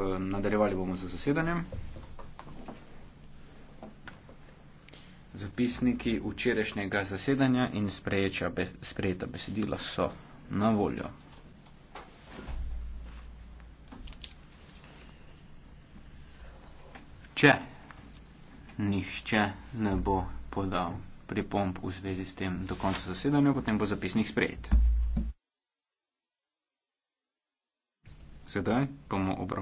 Eh, nadaljevali bomo z zasedanjem. Zapisniki včerajšnjega zasedanja in sprejeta, be, sprejeta besedila so na voljo. Če nihče ne bo podal pripomp v zvezi s tem do konca zasedanja, potem bo zapisnik sprejet. Sedaj bomo obravnavali.